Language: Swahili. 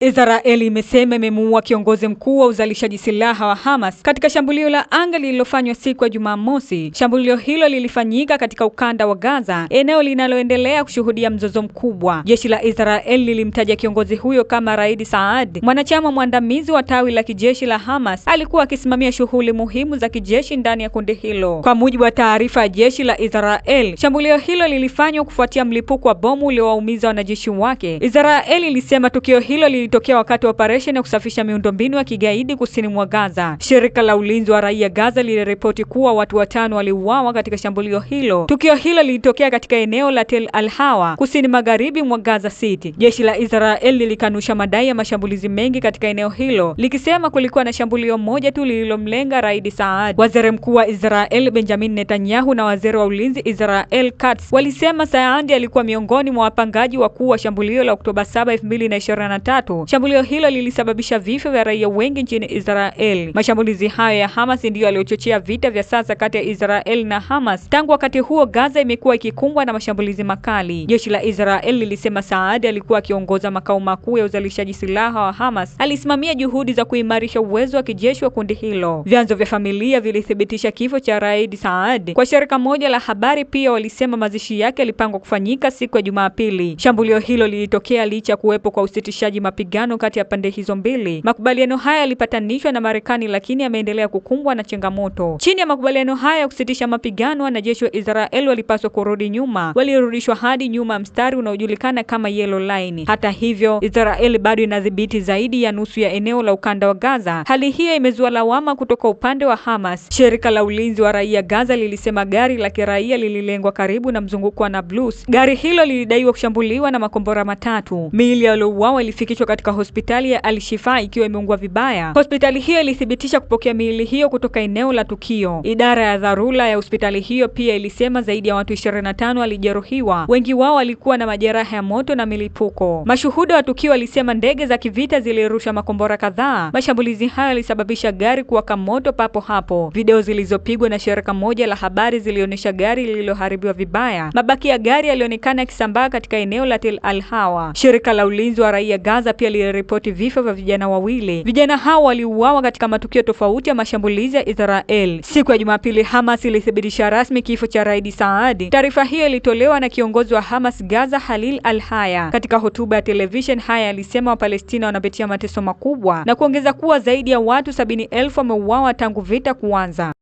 Israel imesema imemuua kiongozi mkuu wa uzalishaji silaha wa Hamas katika shambulio la anga lililofanywa siku ya Jumamosi. Shambulio hilo lilifanyika katika ukanda wa Gaza, eneo linaloendelea kushuhudia mzozo mkubwa. Jeshi la Israel lilimtaja kiongozi huyo kama Raid Saad, mwanachama mwandamizi wa tawi la kijeshi la Hamas, alikuwa akisimamia shughuli muhimu za kijeshi ndani ya kundi hilo. Kwa mujibu wa taarifa ya jeshi la Israel, shambulio hilo lilifanywa kufuatia mlipuko wa bomu uliowaumiza wanajeshi wake. Israel ilisema tukio hilo ilitokea wakati wa operesheni ya kusafisha miundombinu ya kigaidi kusini mwa Gaza. Shirika la ulinzi wa raia Gaza liliripoti kuwa watu watano waliuawa katika shambulio hilo. Tukio hilo lilitokea katika eneo la Tel Al-Hawa, kusini magharibi mwa Gaza City. Jeshi la Israel lilikanusha madai ya mashambulizi mengi katika eneo hilo, likisema kulikuwa na shambulio moja tu lililomlenga Raidi Saad. Waziri mkuu wa Israel Benjamin Netanyahu na waziri wa ulinzi Israel Katz walisema Saad alikuwa miongoni mwa wapangaji wakuu wa shambulio la Oktoba 7, 2023 Shambulio hilo lilisababisha vifo vya raia wengi nchini Israel. Mashambulizi hayo ya Hamas ndiyo yaliyochochea vita vya sasa kati ya Israel na Hamas. Tangu wakati huo, Gaza imekuwa ikikumbwa na mashambulizi makali. Jeshi la Israel lilisema Saadi alikuwa akiongoza makao makuu ya uzalishaji silaha wa Hamas, alisimamia juhudi za kuimarisha uwezo wa kijeshi wa kundi hilo. Vyanzo vya familia vilithibitisha kifo cha raid Saadi. Kwa shirika moja la habari pia walisema mazishi yake yalipangwa kufanyika siku ya Jumapili. Shambulio hilo lilitokea licha ya kuwepo kwa usitishaji mapigano mapigano kati ya pande hizo mbili. Makubaliano haya yalipatanishwa na Marekani lakini yameendelea kukumbwa na changamoto. Chini ya makubaliano haya ya kusitisha mapigano, wanajeshi wa Israel walipaswa kurudi nyuma, walirudishwa hadi nyuma mstari unaojulikana kama yellow line. Hata hivyo, Israel bado inadhibiti zaidi ya nusu ya eneo la ukanda wa Gaza. Hali hiyo imezua lawama kutoka upande wa Hamas. Shirika la ulinzi wa raia Gaza lilisema gari la kiraia lililengwa karibu na mzunguko wa Nablus. Gari hilo lilidaiwa kushambuliwa na makombora matatu. Miili waliouawa ilifikishwa katika hospitali ya Al-Shifa ikiwa imeungua vibaya. Hospitali hiyo ilithibitisha kupokea miili hiyo kutoka eneo la tukio. Idara ya dharura ya hospitali hiyo pia ilisema zaidi ya watu 25 walijeruhiwa, wengi wao walikuwa na majeraha ya moto na milipuko. Mashuhuda wa tukio walisema ndege za kivita zilirusha makombora kadhaa. Mashambulizi hayo yalisababisha gari kuwaka moto papo hapo. Video zilizopigwa na shirika moja la habari zilionyesha gari lililoharibiwa vibaya. Mabaki ya gari yalionekana yakisambaa katika eneo la Tel Al Hawa. Shirika la ulinzi wa raia Gaza pia pia liliripoti vifo vya vijana wawili. Vijana hao waliuawa katika matukio tofauti ya mashambulizi ya Israel. Siku ya Jumapili, Hamas ilithibitisha rasmi kifo cha Raidi Saadi. Taarifa hiyo ilitolewa na kiongozi wa Hamas Gaza, Halil Al-Haya. Katika hotuba ya television, Haya alisema Wapalestina wanapitia mateso makubwa na kuongeza kuwa zaidi ya watu sabini elfu wameuawa tangu vita kuanza.